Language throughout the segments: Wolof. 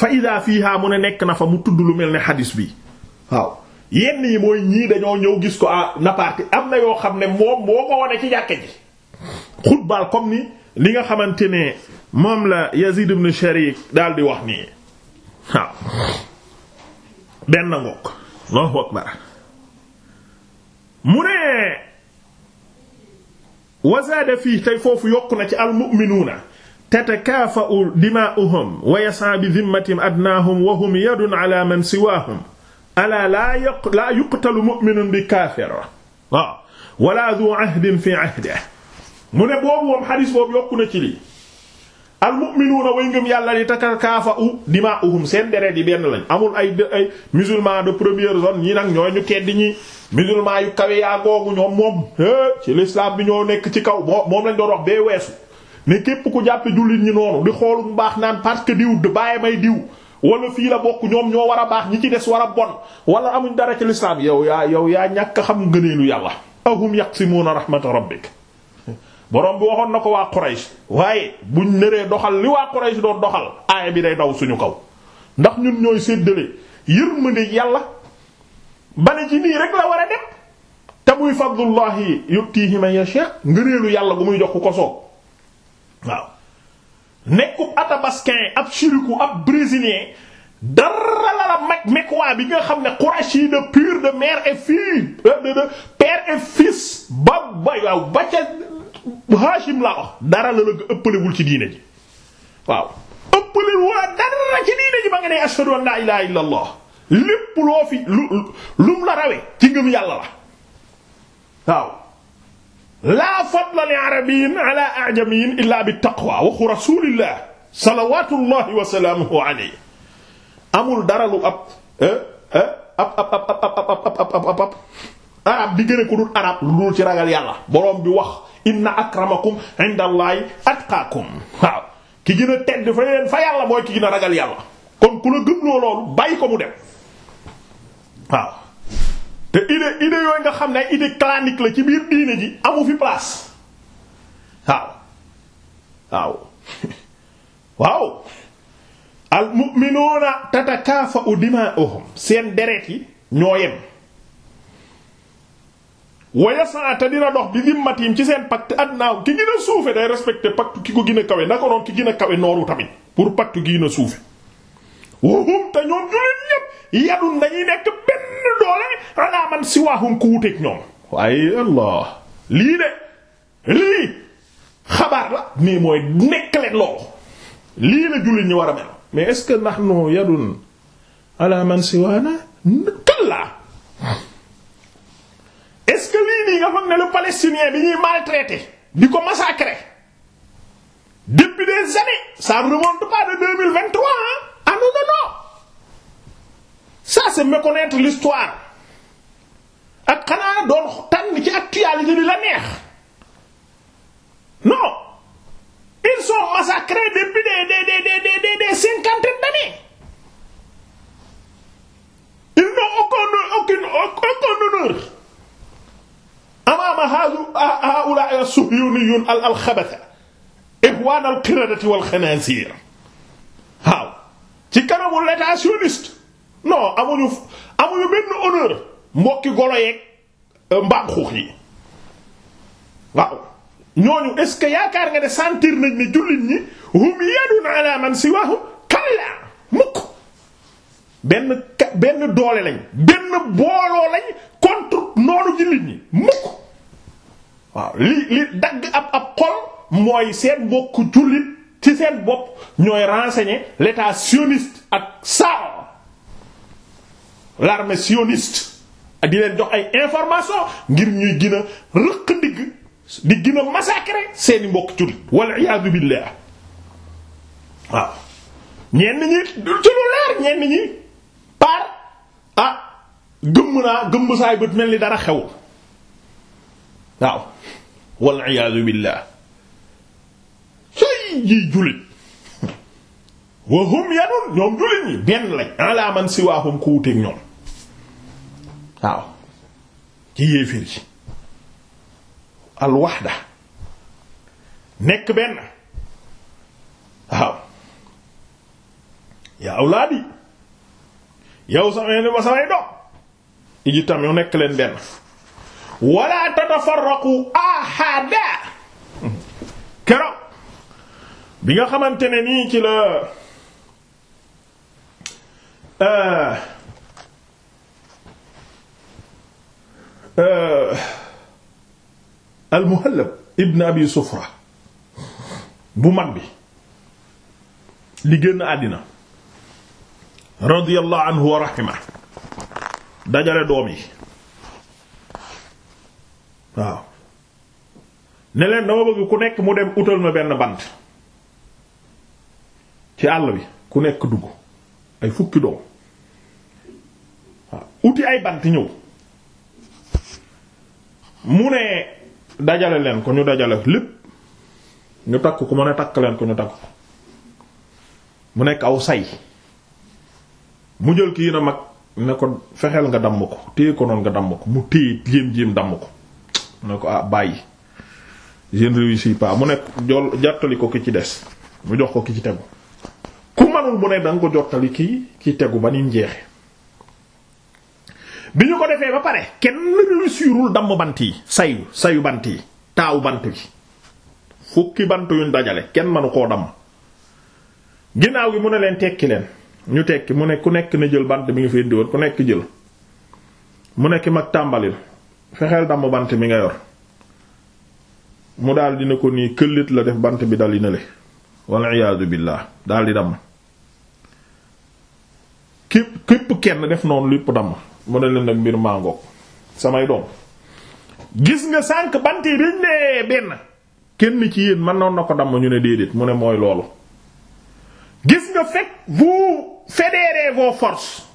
fa ida fiha mu ne nekk na fa mu tudd lu mel ni xadis bi waaw yenn yi mooy ñii dañoo ñëw gis ko à ah, naparti am na yoo xam ne moom moo ko wone ci jàkke ji xutbal comme ni li nga xamante ne moom la Yazid ibn Sharik daal di wax nii waaw benn ngoog mu ne wazaada fii tey foofu yokk na ci almu'minuuna tatakaafa'u dimaa'uhum wa yas'a bi dhimmatihim adnaahum wa hum yadun 'ala man siwaahum alaa laa yuqtalu mu'minun bi kaafir waaw wala dhu 'ahdin fi 'ahdihi mu ne boobu moom xadis boobu yokku na ci lii al mu'minuuna way ngëm yàlla di tatakaafa'u dimaa'uhum seen deret yi benn lañ amul ay ay musulman de zone ñii nag ñooy ñu tedd ñi musulman yu kawe yaa googu ñoom moom ci l'islam bi ñoo nekk ci kaw moom lañ doon bee weesu ne képp ku jàppe jullit ñi noonu di xoolu mu baax naan parce que diw du bàyyi may diw wala fii la bokk ñoom ñoo war a baax ñi ci des war a bon wala amuñ dara ci lislaam yow yaa yow yaa ñàkk xam ngëneelu yàlla ahum yaqsimuuna rahmata rabbik borom bi waxoon na ko waa Quraysh waaye buñ nëree doxal li waa Quraysh doon doxal aaya bi day daw suñu kaw ndax ñun ñooy séddale yërmande yàlla bane ci nii rek la war a dem te muy fadlullahi yutihi man yasha ngëneelu yàlla gu muy jox ku ko soob waaw nekkub atabaskin ab chiriku ab brésilien dara la la mag mekkuwaa bi nga xam ne Quraysh yi de pur de mère et fille euh, de de père et fils ba ba waaw ba ca Hachim laa wax dara la la ëppalewul ci diine ji waaw ëppalewul waa dara ci diine ji ba nga ne ashhadu an laa ilaaha illallah lépp loo fi lu lum la rawee ci ngëm yàlla la waaw laa fadla li arabiyin ala ajamiyin illa bi taqwa waxu rasulillah salawatullahi wa salaamuhu alayhi amul dara lu ab ab ab ab ab arab di gën a ko dul arab lu dul ci ragal yàlla borom bi wax inna akramakum inda allahi atqaakum waaw ki gën a tedd fa yeen fa yàlla mooy ki gën a ragal yàlla kon ku la gëm loo loolu bàyyi ko mu dem waaw te idée idée yooyu nga xam ne ay idée clanique la ci biir diine ji amu fi place waaw waaw waaw al mu'minuuna tatakaafa'u dimaa'uhum seen deret yi ñoo yem wayasaata dina dox bi dimmatim ci seen pacte adnaaw ki gën a suufe day respecté pacte ki ko gën a kawe naka noonu ki gën a kawe nooru tamit pour pacte gi gën a suufe wahum te ñoom jullit ñépp yadun dañuy nekk man siwaahum ku wuteeg ñoom waaye allah lii de lii xabaar la mais mooy nekk leen loolu lii la jullit ñi war a mel mais est-ce que nahnu yadun ala man siwaana kallaa est-ce que lii nii nga foog ne le palestinien bi ñuy maltraité di ko massacrer depuis des années ça remonte pas de 2023 ah non non non ça c'est méconnaître l'histoire ak xanaa doon tànn ci actualité bi la neex non ils sont massacrés depuis des des des des des des cinquantaines d'années ils n'ont aucun aucun aucun honneur amaama haa'ulaa'i as-suhyuuniyyuun al-xabatha ihwaan al-qiradati wal-xanaaziir waaw ci kanamu l'état sioniste non amuñu amuñu benn mbokki golo yeeg euh, mbaam yi waaw ñooñu est ce que yaakaar nga ne sentir nañ ne jullit ñi hum yadun ala man siwahum kalla mukk benn benn doole lañ benn booloo lañ contre noonu jullit ñi mukk waaw li li dagg ab ab xol mooy seen mbokku jullit ci seen bopp ñooy renseigner l'état sioniste ak saa l'armée sioniste di leen jox ay information ngir ñuy gën rëq ndigg di gën a seeni mbokk jullit wal iyaadu billah waaw ñenn ñi ci lu leer ñenn ñi par ah gëmm naa gëmm saay bët mel ni dara xew waaw wal iyaadu billah sooy ji jullit wa hum yanun ñoom jullit ñi benn lañ ala man siwaahum ku wuteek ñoom waaw ci yéeféer ci al nekk benn waaw yaa awlaadi yow samay ni ma samay doom iji tam yu nekk leen benn wala tatafarraqu ahada keroog bi nga xamante ne nii ci la euh, Euh, al-Muhallab ibn Abi Sufra bu mag bi li génn àddina radiyallahu anhu wa dajale doom yi waaw ne dama bëgg ku nekk mu dem utal ma benn bant ci àll bi ku nekk dugg ay fukki doom waaw uti ay bant ñëw mu ne dajale leen ko ñu dajale lépp ñu takk ko mu ne takk leen ko ñu takk ko mu nekk aw say mu jël kii na mag ne ko fexeel nga damm ko téye ko noonu nga damm ko mu téye jéem jéem damm ko mu ne ko ah bàyyi je ne réussis mu nekk jol jottali ko ki ci des mu jox ko ki ci tegu ku manul mu ne danga ko jottali kii ki tegu ba ni njeexe bi ñu ko defee ba pare kenn réussirul damm bant yi sayu sayu bant yi taawu bant bi fukki bant yuñ dajale kenn manu koo damm ginnaaw gi mu ne leen tekki leen ñu tekki mu ne ku nekk na jël bant bi nga fi indiwoon ku nekk jël mu nekk mag tàmbalil fexeel damm bant bi nga yor mu daal dina ko nii këllit la def bant bi dal dina le walla iyaazu billaah daal di damm képp képp kenn def noonu lépp damm mu ne leen nag mbir mangook samay doom gis nga sànq bant yi dañ ne benn kenn ci yéen man noonu na ko damm ñu ne déedéet mu ne mooy loolu gis nga fekk vous fédérez vos forces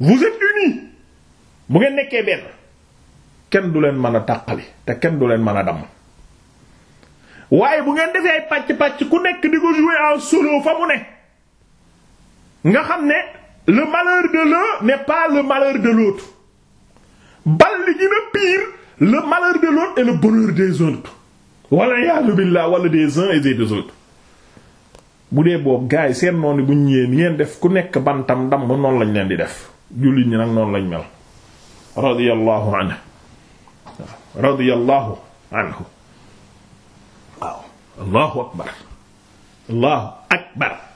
vous êtes unis bu ngeen nekkee benn kenn du leen mën a tàqali te kenn du leen mën a damm waaye bu ngeen defee ay pàcc ku nekk di ko jouer en solo fa mu ne nga xam ne le malheur de l'un n'est pas le malheur de l'autre bal li gën a pire le malheur de l'autre est le bonheur des autres wala yaalu billah wala des uns et des autres bu dee boobu gars seen noonu bu ñëwee ni ngeen def ku nekk bantam ndam noonu lañ leen di def jullit ñi nag noonu lañ mel radiyallahu anhu waaw allahu akbar allahu akbar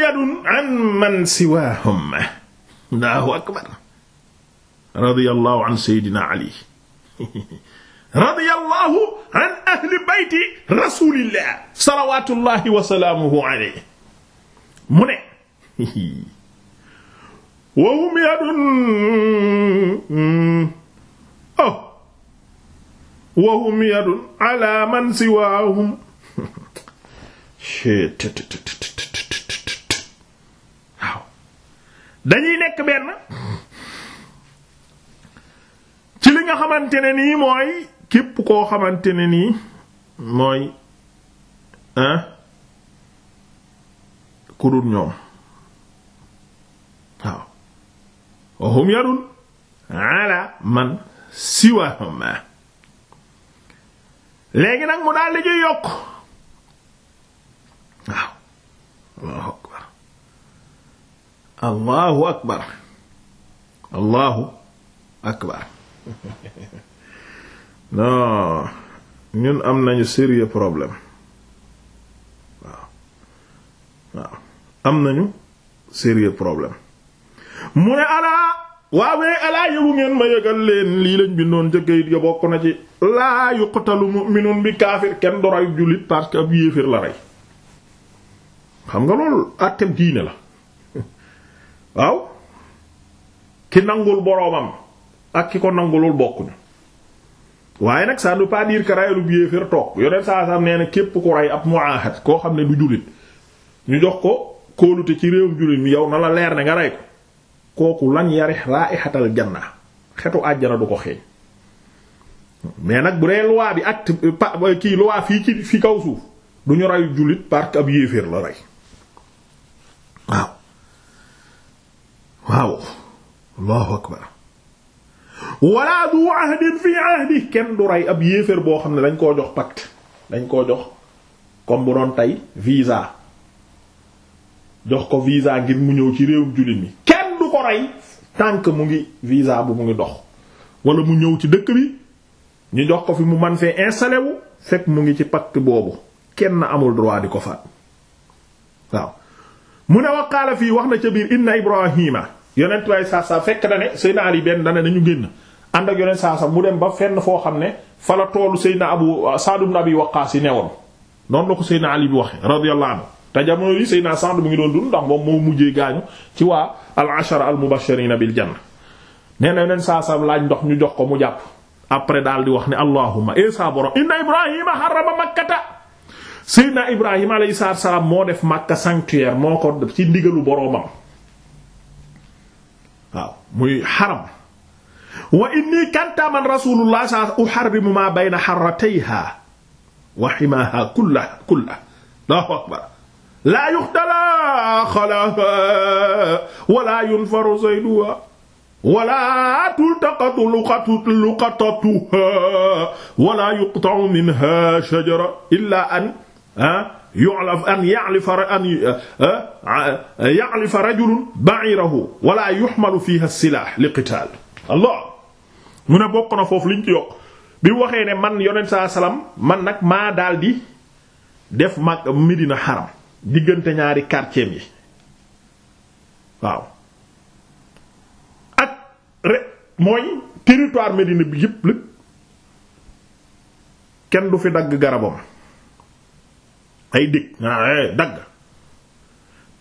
ab'adun an man siwaahum Allahu akbar radiyallahu an sayyidina Ali radiyallahu an ahli bayti rasulillah salawatullahi wa salaamuhu alayhi mu ne wa hum yadun mm, oh wa hum yadun ala man siwaahum dañuy nekk benn ci li nga xamante ne nii mooy képp koo xamante ne nii mooy hein ku dul ñoom waaw wahum yarun ala man siwahum léegi nag mu daal di ñuy yokk waaw waaw allahu akbar allahu akbar non ñun am nañu sérieux problème waaw waaw am nañu sérieux problème mu ne alaa waawee alaa yëgu ngeen ma yëgal leen lii lañ bi ca kayit ga bokk na ci laa yuqtalu mu'minun bi kaafir kenn du rey jullit parce que ab yéeféer la rey xam nga loolu àtteeb diine la waaw ki nangul boroomam ak ki ko nangulul bokkuñu waaye nag ça ne veut ka dire que rayelu bu yéefér toog yoneen saa nee na képp ku rey ab muahad koo xam ne du jullit ñu jox ko kóolute ci réewum jullit mi yow na la leer ne nga rey ko kooku lan yarix raihatal janna xetu àjjana du ko xeeñ mais nag bu dee loi bi acte kii loi fii ci fi kaw suuf du ñu reyu jullit parce ab yéeféer la rey waaw allahu akbar wala du ahdin ahdi kenn du rey ab yéeféer boo xam ne dañ koo jox pacte dañ koo jox comme bu doon tey visa jox ko visa ngir mu ñëw ci réewum jullit mi kenn du ko rey tant mu ngi visa bu mu ngi dox wala mu ñëw ci dëkk bi ñu jox ko fi mu man fee installé wu fekk mu ngi ci pacte boobu kenn amul droit di ko faat waaw mu ne waqaala fii wax na ca biir inna ibrahima yonent waaye saa saa fekk na ne Seydina Ali benn dana nañu génn ànd ak yonent saa mu dem ba fenn foo xam ne fa la toolu Seydina Abu Sa'd ibn Abi Waqqas yi newoon noonu la ko Seydina Ali bi waxe radiyallahu anhu te jamono yi Seydina Sa'd mu ngi doon dund ndax moom moo mujjee gaañu ci waa al-ashara al-mubashirina bil janna nee na yonent saa saa laaj ndox ñu jox ko mu jàpp après daal di wax ne allahumma esa eh borom inna Ibrahima harrama makkata Seydina Ibrahima alayhi salaam moo def Makka sanctuaire moo ko ci ndigalu boromam waaw muy xaram wa inni kanta man rasulullah sa uharrimu ma bayna harratayha wa himaha kullaha kullaha allahu akbar la yuxtala xalaha wala yunfaru sayduha wala tultaqatu luqatu luqatatuha wala yuqta'u minha shajara illa an Ah, yu'laf an ya'lifa an ah, ah, ya'lifa rajulun ba'irahu wala yuhmalu fiha as-silah li qital allah mu ne bokk na foofu liñ ci yokk bi waxee ne man yonent saa salaam man nag maa daal di def mag Medina xaram diggante ñaari quartier yi waaw ak rek mooy territoire Medina bi yëpp lépp kenn du fi dagg garabam ay dég a eh, dagg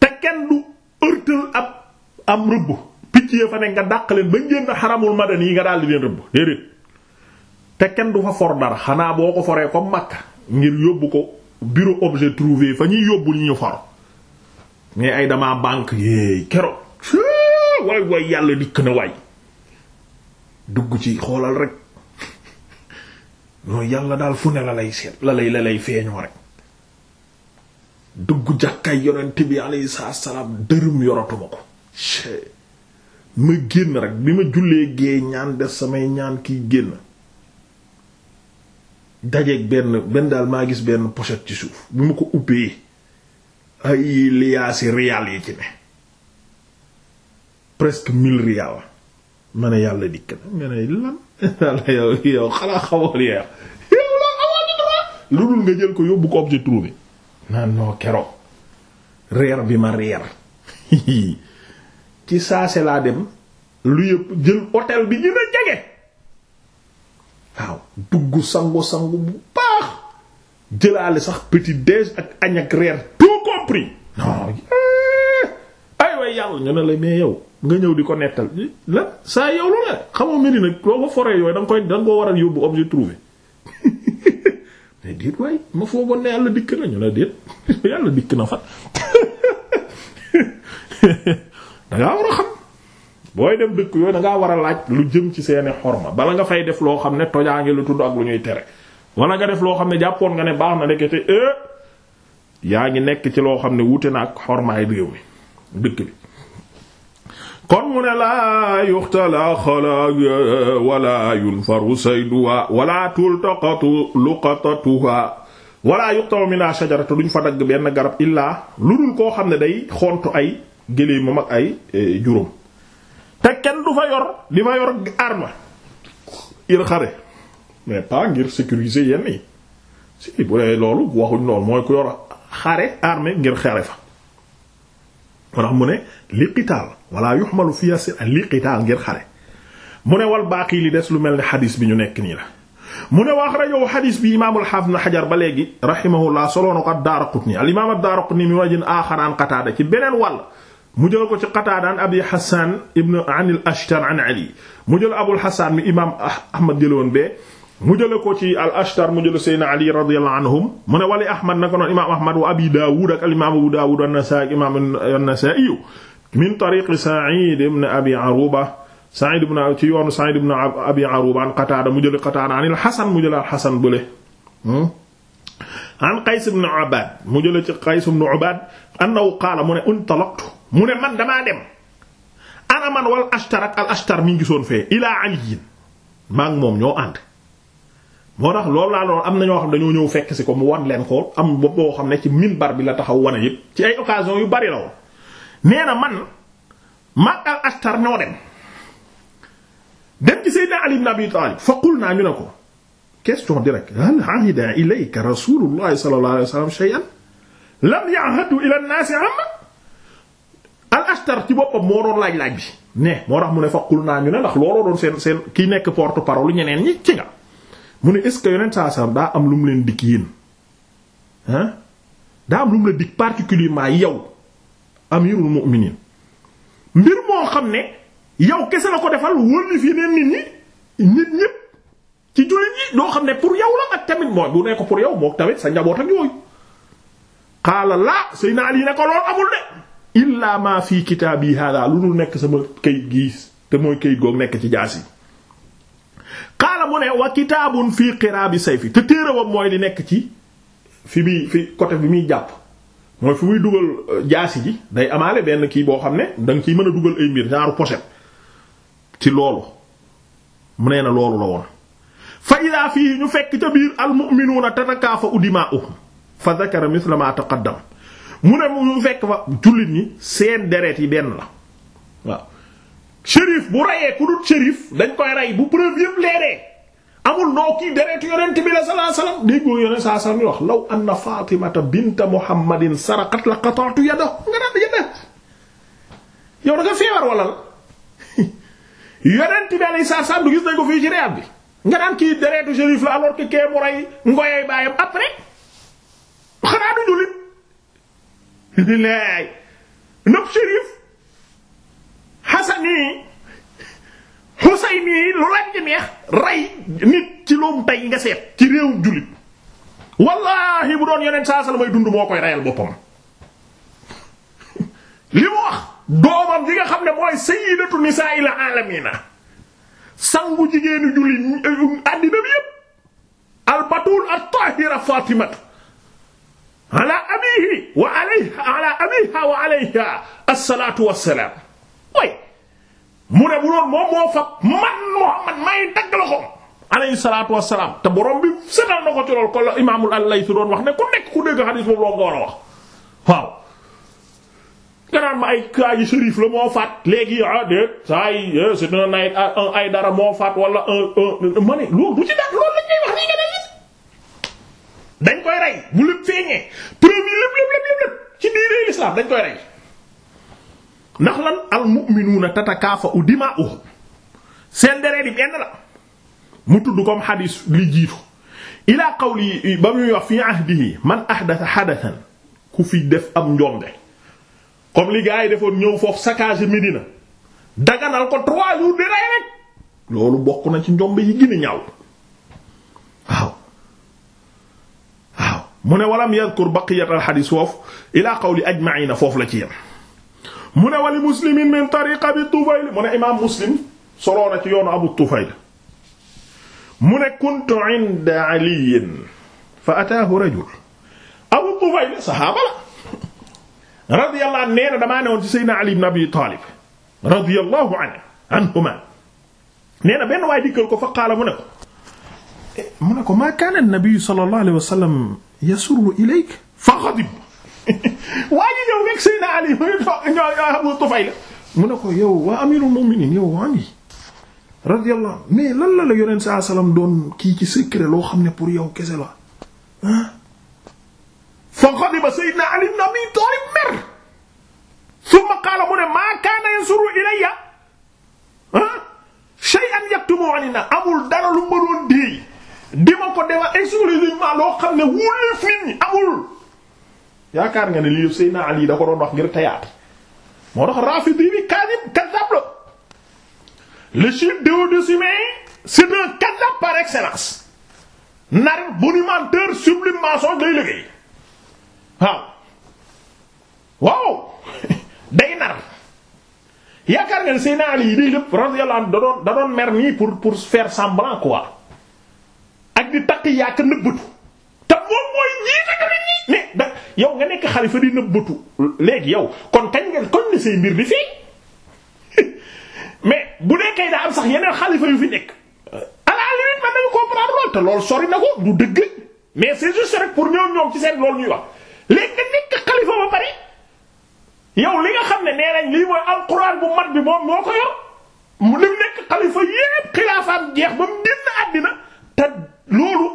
te kenn du ërtal ab am rëbb picc ya fa ne nga dàq leen ba ngénn xaramul madani yi nga daal di leen rëbb déedéet te kenn du fa for dara xanaa boo ko foree comme Makka ngir yóbbu ko bureau objet trouvé fa ñuy yóbbu li ñu for mais ay dama bànk yéey kero waay waay yàlla dikk na waay dugg ci xoolal rek yooyu yàlla daal fu ne la lay seet la lay la lay feeñoo rek dugg jàkkaay yonent bi alayhi salaam dërëm yoratuma ko ma génn rek bi ma jullee gee ñaan def samay ñaan kiy génn dajeeg benn benn daal maa gis benn pochette ci suuf bi ma ko ubbee ay liyaasi riyaal yi ci ne presque mille riyaal ma ne yàlla dikk na nga ne lan lu dul nga jël ko yóbbu ko objet trouvé naan noo keroog reer bi ma reer ci saase laa dem lu yëpp jël hôtel bi gën a jege waaw dugg sangu-sangu bu baax jëlaale sax petit déj ak añ ak reer tout compris non ay way yàlla ñu ne la mais yow nga ñëw di ko nettal la saa yow lu la xamoo mari nag ko foree yooyu da koy da nga koo waral yóbbu objet trouvé mais déet waay ma foogoon ne yàlla dikk nañu la déet yàlla dikk na fan dangaa war a xam booy dem dëkk yooyu dangaa war a laaj lu jëm ci seeni xorma bala nga fay def loo xam ne tojaange lu tudd ak lu ñuy tere wala nga def loo xam ne jàppoon nga ne baax na ndekete eh, yaa ngi nekk ci loo xam ne wute na ak xormaay réew mi dëkk bi kon mu ne laa yuxtala xala wala yunfaru sayduha wala tultaqatu luqatatuha wala yuqtaw mina shajaratu duñ fa dagg benn garab illaa lu dul koo xam ne day xontu ay géléemam ak ay e, juróom te kenn du fa yor di fa yor arme ir xare mais pas ngir sécuriser yenn yi si bu dee loolu waxuñ loolu mooy ku yor xare arme ngir xare fa moo mu ne li qitaal wala yuhmalu fi yasir li qitaal ngir xare mu ne wal baaqi li des lu mel ne xadis bi ñu nekk nii la mu ne wax rajo xadis bi imaamul xaafid na xajar ba léegi rahimahullah soloo na ko ad-Daaraqutni al imaam ad-Daaraqutni mi wajin aaxar an Qataada ci beneen wàll mu jël ko ci Qataada an Abi Hassan ibn an al an Ali mu jël Abul Hassan mi imaam Ahmad jëloon bee mu jële ko ci al ashtar mu jële seydna ali radiyallahu anhum mu ne wali ahmad naka noon imaam ahmad wa abi daawud ak al imaam abu daawud an-nasaa'i imaam an min tariqi sa'id ibn abi aruba sa'id ibn ci yoonu sa'id ibn abi aruba an qataada mu jële qataada an al hasan mu jële al hasan bële hmm? an qays ibn ubaad mu jële ci qays ibn ubaad annahu qaala mu ne intalaqtu mu ne man damaa dem ana man wal ashtar al ashtar mi gisoon fee ilaa ali maa moom ñoo ànd moo tax loolu laa doon am na xam dañoo ñëw fekk si ko mu wan leen ko am bopp boo xam ne ci minbar bi la taxaw wane yëpp ci ay occasion yu bari la woon nee na man mag al astar ñoo dem dem ci Seydina Ali ibn Abi Talib fa qul naa ñu ne ko question direct hal ahida ilayka rasulullahi sallallahu alayhi wasallam shay'an lam ya'hadu ila an-nas al astar ci boppam moo doon laaj laaj bi ne moo tax mu ne fa qul naa ñu ne ndax looloo doon seen seen ki nekk porte parole ñeneen ñi ci mu ne est-ce que yonent saa salaam daa am lu mu leen dig yéen ah daa am lu mu la dig particulièrement yow amirul mu'minin mbir moo xam ne yow kese la ko defal wóor fi yeneen nit ñi nit ñépp ci jullit ñi doo xam ne pour yow la ak tamit mooy bu nekk pour yow moo tamit sa njaboot ak yooyu xaala laa Seydina Ali ne ko lool amul de illaa ma fii kitaabi hada lu dul nekk sama kayit gii te mooy kayit goog nekk ci jaas yi xaala ne wa kitaabun fii qiraabi sayfi te téere ba mooy di nekk ci fi bi fi côté bi muy jàpp mooy fi muy dugal euh, jaasi ji day amaale benn kii boo xam ne danga ciy mën a dugal ay mbir genre pochette ci loolu mu ne na loolu la woon fa idaa fii ñu fekk ca biir almu'minuuna tatakaafa'u dimaa'uhum fa dhakara mithla ma taqaddam mu ne mu fekk fa jullit ñi seen deret yi benn la shérif bu rayee ku dul shérif dañ koy rey bu preuve yëpp leeree amul noo kii deretu yonent bi la sallallahu alayhi déggoo yonent saa sallam wax law anna fatimata binta muhammadin saraqat la qata'tu yadahu nga daan yadda yow da feebar wala la yonent bi alayhi salaam gis nañ ko fii ci réew bi nga daan kii deretu shérif la alors que mu rey ngoyey baayam après xanaa du jullit laay nëb shérif xasani xusayni yi lu lañ di neex rey nit ci loom tey nga seet ci réew jullit wallahi bu doon yonent saa sala may dund moo koy reyal boppam li mu wax doomam yi nga xam ne mooy sayyidatu nisaa'il alamina sangu jigéenu jullit àddina bi yépp albatul at-tahira fatimatu ala abihi wa alayha ala abiha wa alayha as-salatu was-salam way mu ne bu doon moom moo fa man Muhammad may dagg la ko alayhi salaatu wassalaam te borom bi setal na ko ci lool ko la imaamul Al-Layth doon wax ne ku nekk ku dégg xadiis boobu ko war a wax ah, eh, dara moo faat wala loolu du wax ne dañ koy rey bu lépp feeñee premier lépp lépp lépp ci diine l'islam dañ koy rey ndax lan al mu'minuuna tatakaafa'u dimaa'uhum seen deret yi benn la mu tudd comme xadiis li ilaa qawli ba muy wax fii ahdihi man ahdatha hadathan ku fi def am njombe comme li gaa yi defoon ñëw foofu saccage Médina daganal ko trois jours di rey rek loolu bokk na ci njombe yi gën ñaaw waaw waaw mu ne walam yadhkur baqiyat al xadiis foofu ilaa qawli ajma'ina foofu la ci yem mu ne wali muslimin min tariq abi tufayl mu ne imaam muslim soloo na ci yoonu abu tufayl mu ne kuntu inda aliyin fa ataahu rajul abu tufayl saxaaba la radiyallahu anhu nee na damaa newoon ci seydina ali ibn abi taalib radiyallahu anhu anhuma nee na benn waay dikkal ko fa qaala mu ne ko eh, mu ne ko maa kaana an-nabi sallallahu alayhi wa sallam yasurru ilayk fa ghadib waa ji ñëw rek Seydina Ali muy toog ñoo Tufayl mu ne ko yow waa amirul mu'minin yow waa ngi radiyallahu mais lan la la yonent saa salaam doon kii ci loo xam ne pour yow kese la fa ghadiba Seydina Ali ibn Abi Talib mer thumma qaala mu ne maa kaana yansuru ilayya ah ma loo xam ne wuuleef nit ñi amul. yaakaar nga ne lii yëpp Seydina Ali da ko doon wax ngir théâtre moo tax rafidi bi kadib kadab la le chiite duodécimain c'est un kadab par excellence nar bonimenteur sublime mensonge day liggéey waaw waaw day nar yaakaar nga ne Seydina yi day lépp radiyallahu da doon mer nii pour pour faire semblant quoi ak di takk yaaka nëbbatu te moom mooy ñiita yow nga nekk xalifa di nëbbatu léegi yow kon tañ nga kon ne say mbir di fii mais bu nekkee daa am sax yeneen xalifa yu fi nekk à la limite man nañu comprendre lool te loolu sori na ko du dëgg mais c'est juste rek pour ñoom ñoom ci seen loolu ñuy wax léegi nga nekk xalifa ba pare yow li nga xam ne nee nañ lii mooy alxuraan bu mat bi moom moo ko yor mu lim nekk xalifa yépp xilaafaam jeex ba mu génn àddina te loolu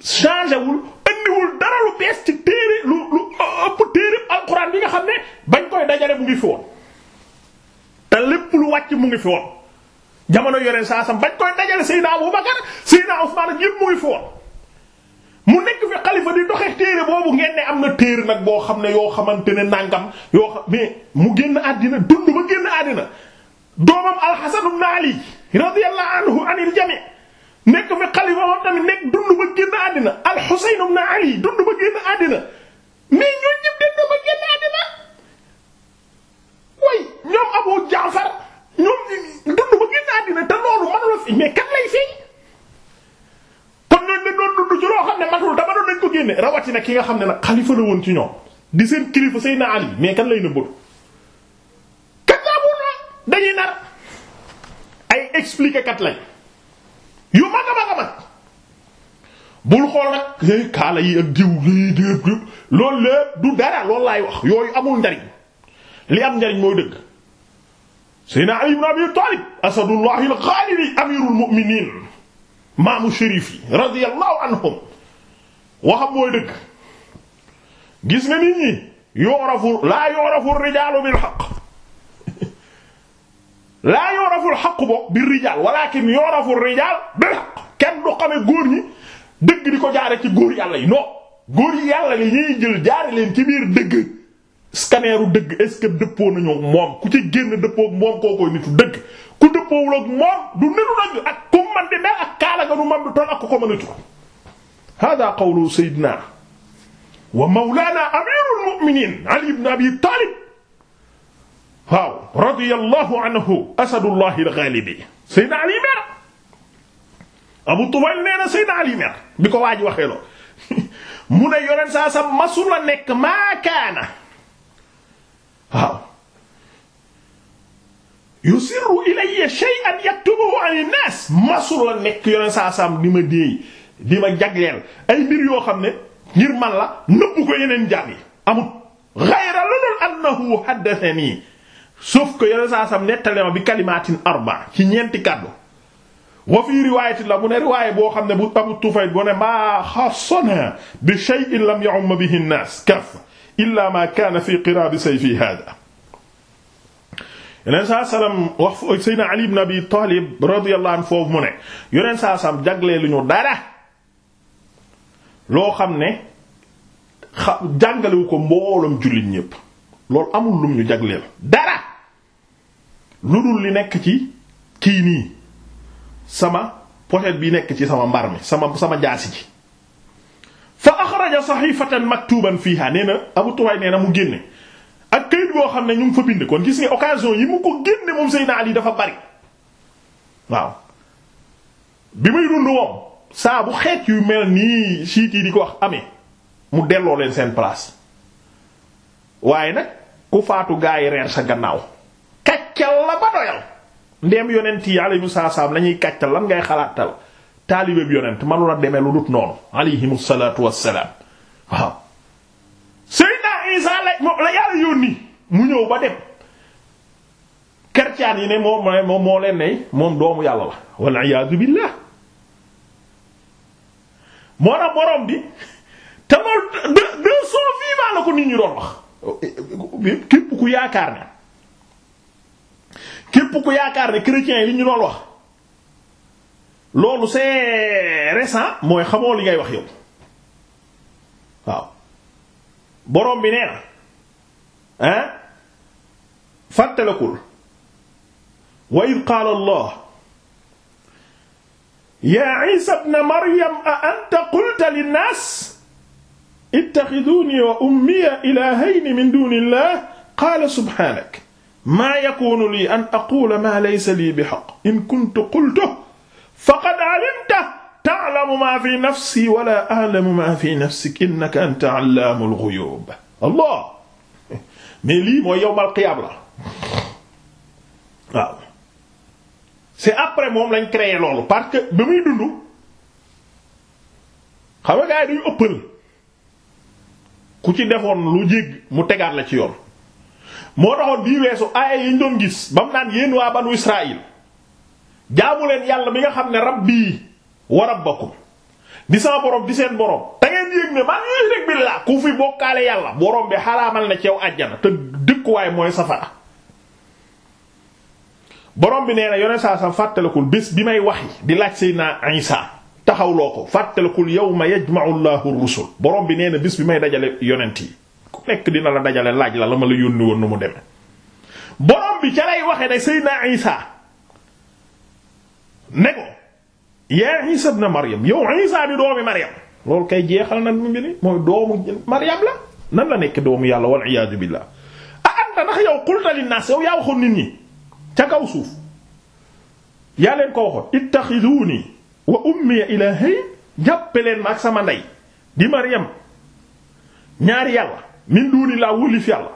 changé wul indiwul dara lu bees ci téere lu lu uh, ëpp téere alxuraan bi nga xam ne bañ koy dajale mu ngi fi woon te lépp lu wàcc mu ngi fi woon jamono yore saa sam bañ koy dajale Seydina Abubakar Seydina Usmaan ak yëpp mu ngi fi woon mu nekk fi xalifa di doxe téere boobu ngeen ne am na téere nag boo xam ne yoo xamante ne nàngam yoo xam mais mu génn àddina dund ba génn àddina doomam Al-Hasan ibn Ali radiyallahu anhu nekk fi xalifa moom tamit nekk dund ba génn Husayn ibn Ali dund ba génn àddina mais ñooñ ñëpp dund ba génn àddina way ñoom Abu Jaafar ñoom dund ba génn àddina te loolu mënu la fi lay feeñ kon ne matul dama ko génne rawatina ki nga xam ne nag xalifa la woon ci ñoom di seen kilifa Seydina Ali mais kan lay nëbbatu kat naa dañuy nar ay expliquer kat lañ bul xool nag kaala yi ak diw lii diw diw loolu lépp du dara loolu laay wax yooyu amul njariñ li am njariñ mooy dëgg Seydina Ali ibn Abi Talib asadullahi al-ghalib amirul mu'minin maamu shérif yi radiyallahu anhum waxam mooy dëgg gis nga nit ñi yoorafu laa yoorafu rijaalu bil haqq laa yoorafu al-haqq bi rijaal walaakin yoorafu rijaal bil haqq kenn du xame góor ñi dëgg di ko jaare ci góor yàlla yi non góor yi yàlla li ñuy jël jaare leen ci biir dëgg scanneru dëgg est-ce que dëppoo nañu moom ku ci génn dëppoo moom koo koy nitu dëgg ku dëppoowul ak moom du nitu dëgg ak ku man di mel ak kaala nu man du toll ak ku ko mën a tur hada qawlu sayyidina wa mawlana ali ibn Abu Tufayl nee na Seydina Ali bi ko waa waxee lool mu ne yoneen saa sa masula nekk maakaana waaw yusirru ilayya shay'an yaktubuhu 'ala an-nas masula nekk yoneen saa di ma déey di ma jagleel ay mbir yoo xam ne ngir man la nëbbu ko yeneen jaam amut ghayra lanul annahu haddathani sauf que yoneen saa nettale ma bi kalimaatin arba ci ñeenti kàddu wa fii riwaayati la mu ne riwaay boo xam ne bu Abu Tufayl boo ne maa xassana bi shay'in lam ya'um bihi an-naas kaf illa ma kaana fi qiraab sayfi haadaa yoneen saa salaam wax Seydina Ali ibn Abi Taalib foofu mu ne yoneen saa salaam jaglee ñu dara loo ne xa jàngalewu ko mbooloom jullit ñépp loolu amul lum ñu jagleel dara lu dul li nekk ci kii sama pochette bi nekk ci sama mbar mi sama sama jaasi ci fa axraja saxiifatan maktuban fiiha nee na Abu Tuwaay nee na mu génne ak kayit boo xam ne ñu ngi fa bind kon gis nga occasion yi mu ko génne moom Seydina dafa bari waaw bi muy dund moom saa bu xeet yu mel nii siit yi di ko wax amee mu delloo leen seen place waaye nag ku faatu gaa yi reer sa gannaaw kaccal la ba doyal ndeem yonent yi alayhimu salaam la ñuy kàccal lan ngay xalaatal taalibeeb yonent manula demee lu dut noonu alayhimu salaatu wassalaam waaw Seydina Isa la la yàlla yónni mu ñëw ba dem kercaan yi ne moom moo leen ne moom doomu yàlla la wal iyaadu billaah moo tax borom bi te moom de de son vivant la ko nit ñi doon wax képp ku yaakaar na képp ku yaakaar ne chrétiens yi li ñu doon wax loolu c'est récent mooy xamoo li ngay wax yow waaw borom bi nee na ah fàttalekul wa id qaala allah ya isa ibn maryam a anta qulta linnaas ittaxiduuni wa ummiya ilaahayni min duuni illah qaala subhaanak maa yakunu lii an aqula maa laysa lii bi xaq in kuntu qultu faqad alimta ta'lamu maa fi nafsi wala a'lamu maa fi nafsik innaka anta allaamul ghuyuub allah mais lii mooy yowmal qiyaam la waaw c'est après moom lañ créé loolu parce que ba muy dund xam nga gars yi duñu ëppal ku ci defoon lu jégg mu tegaat la ci yoon moo taxoon bii weesu aaya yi ñu doon gis ba mu naan yéen waa banu Israël jaamu yàlla bi nga xam ne rabbi wa rabbakum di sama borom di seen borom te ngeen yéeg ne man yushrik billah ku fi bokkaale yàlla borom bi xaraamal na ci yow àjjana te dëkkuwaay mooy safara borom bi nee na yoneen saa bés bi may waxi di laaj si naa Isaa taxawloo ko fàttalikul yawma ma Allahu rusul borom bi nee na bés bi may dajale yonent yi nekk dajale laaj la la ma la yónni woon nu mu demee borom bi ca lay waxe ne Seydina Isa ne ko yaa Isa ibn Maryam yow Isa di doomi Maryam loolu kay jeexal na mu ngi mooy doomu Maryam la nan la nekk doomu yàlla wal iyaadu billah a anta ndax yow qulta linnaas yow yaa waxoon nit ñi ca kaw suuf yaa leen ko waxoon ittaxiduuni wa ummiya ilaahayn jàppe leen ma ak sama ndey di Maryam ñaari yàlla min dunilaa wëlif yàlla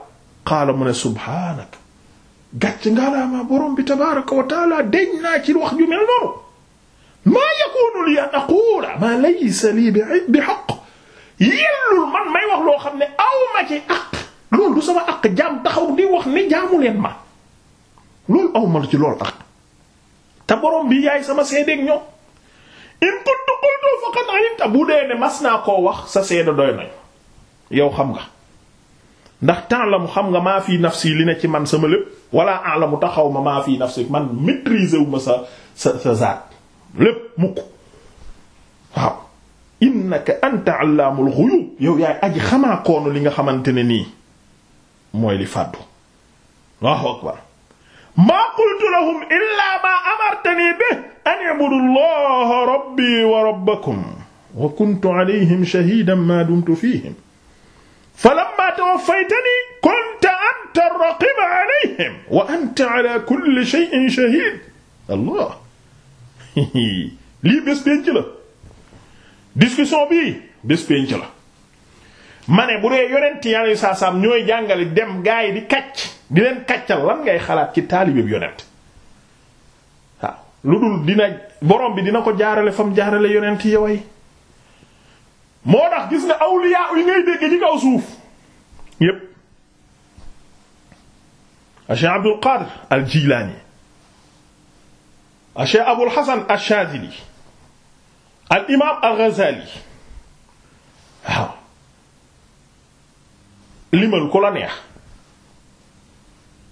qaala mu ne subhaanaka gàcc ngaalaamaa borom bi tabaraka wa taala deñ naa ci wax ju mel noonu maa yakunu li an aqula maa laysa lii bi xaq yellul man may wax loo xam ne aw ma ci aq loolu du sama aq jaam taxaw di wax ne jaamu leen ma loolu aw ma ci lool aq te borom bi yaay sama seedeeg ñoom in kuntu qultu faqad alimta bu dee ne mas naa koo wax sa seede doy nañ yow xam nga ndax ta'lamu xam nga maa fi nafsi li ne ci man sama lépp wala a'lamu taxaw ma maa fi nafsi man maîtriser wu ma sa sa sa zaat lépp mukk waaw innaka anta allaamul ghuyub yow yaay aji xamaa koonu li nga xamante ne nii mooy li fàddu Allahu akbar maa qultu lahum illaa maa amartani bihi an i'budu allaha rabbi wa rabbakum wa kuntu alayhim shahidan ma dumtu fihim falamma tawaffaytani kunta anta ar-raqib wa anta allah lii bés pénc la discussion bii bés pénc la ma bu dee yonent yàlla yu saa saam ñooy jàngale dem gaa yi di kacc di leen kaccal lan ngay xalaat ci taalibeeb yonent lu dul dina borom bi dina ko jaarale fam jaarale yonent yi moo tax gis nga awliya yi ngay dégg ci kaw suuf yépp Cheikh Abdul Qadir al Jilani Cheikh Abul Hasan ash-Shadili al imaam al Ghazali waaw limal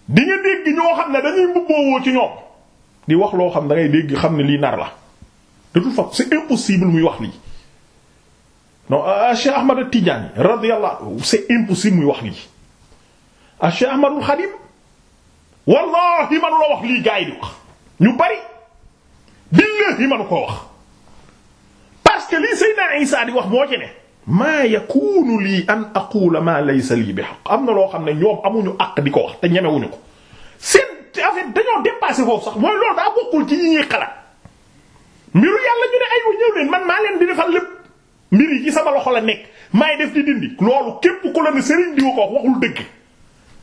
di nga dégg ñoo xam ne dañuy mbubboo ci ñoom di wax loo xam da ngay dégg xam ne lii nar la de toute impossible muy wax lii. non ah, ah, Cheikh Ahmad Tidiane radiyallahu c'est impossible muy wax lii ah Cheikh Ahmadul Khadim wallahi manu la wax lii gars yi wax ñu bari billahi manu ko wax parce que lii Seydina Isa di wax moo ci ne maa lii an aqula ma laysa lii bi haqq am na loo xam ne ñoom amuñu àq di ko wax te ñemewuñu ko c'est en fait dañoo foofu sax mooy loolu daa bokkul ci ñi ñuy xalaat mbiru yàlla ñu ne aywa ñëw man maa leen di defal lépp mbir yi ci sama loxo la nekk maay def di dindi loolu képp ku la ne sëriñ diwa ko wax waxul dëgg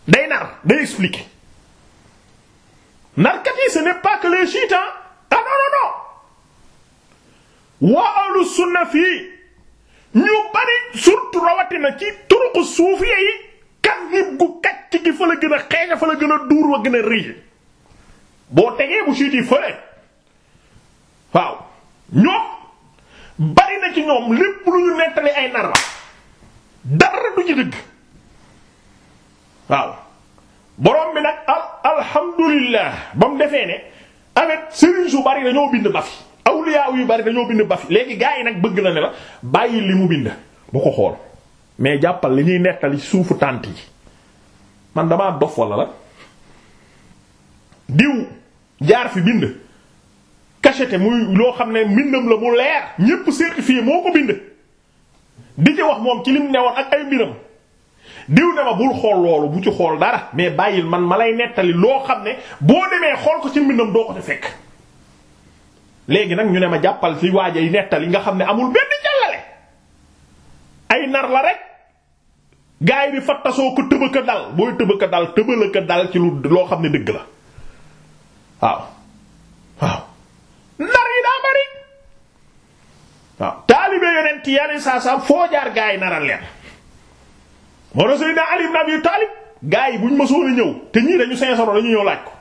day nar day expliquer narkat yi ce n'est pas que les chiites ah, waa ahlu fii ñu bari surtout rawatina ci turuqu suufiya yi kan yib gu kàcc gi fa la gën a xeeña fa la gën a duur wa gën a rëy boo tegee bu chiites fële waaw ñoom bari na ci ñoom lépp lu ñu nettali ay nar la dara du ci dëgg waaw borom bi nag al alhamdulillah ba mu defee ne avec sëriñ su bari dañoo bind bafi awliya yu bari dañoo bind bafi léegi gaa yi nag bëgg na ne la bàyyi li mu bind bu ko xool mais jàppal li ñuy nettali suufu tànt yi man damaa dof wala la diw jaar fi bind cacheté muy loo xam ne mbindam la mu leer ñépp certifié moo ko bind di ci wax moom ci lim newoon ak ay mbiram diw ne ma bul xool loolu bu ci xool dara mais bàyyil man ma lay nettali loo xam ne boo demee xool ko ci mbindam doo ko ci fekk léegi nag ñu ne ma jàppal fi waaja yi nettali nga xam ne amul benn jàllale ay nar la rek gaa yi di fattasoo ko tëbëka dal booy tëbëka dal tëbëlëka dal ci loo xam ne dëgg la waaw waaw taalibe yonent yàlla saa saa foo jaar gaa yi naral leen moo na Seydina Ali ibn Abi Talib gaa yi buñ ma a ñëw te ñii dañu sincère dañu ñëw laaj ko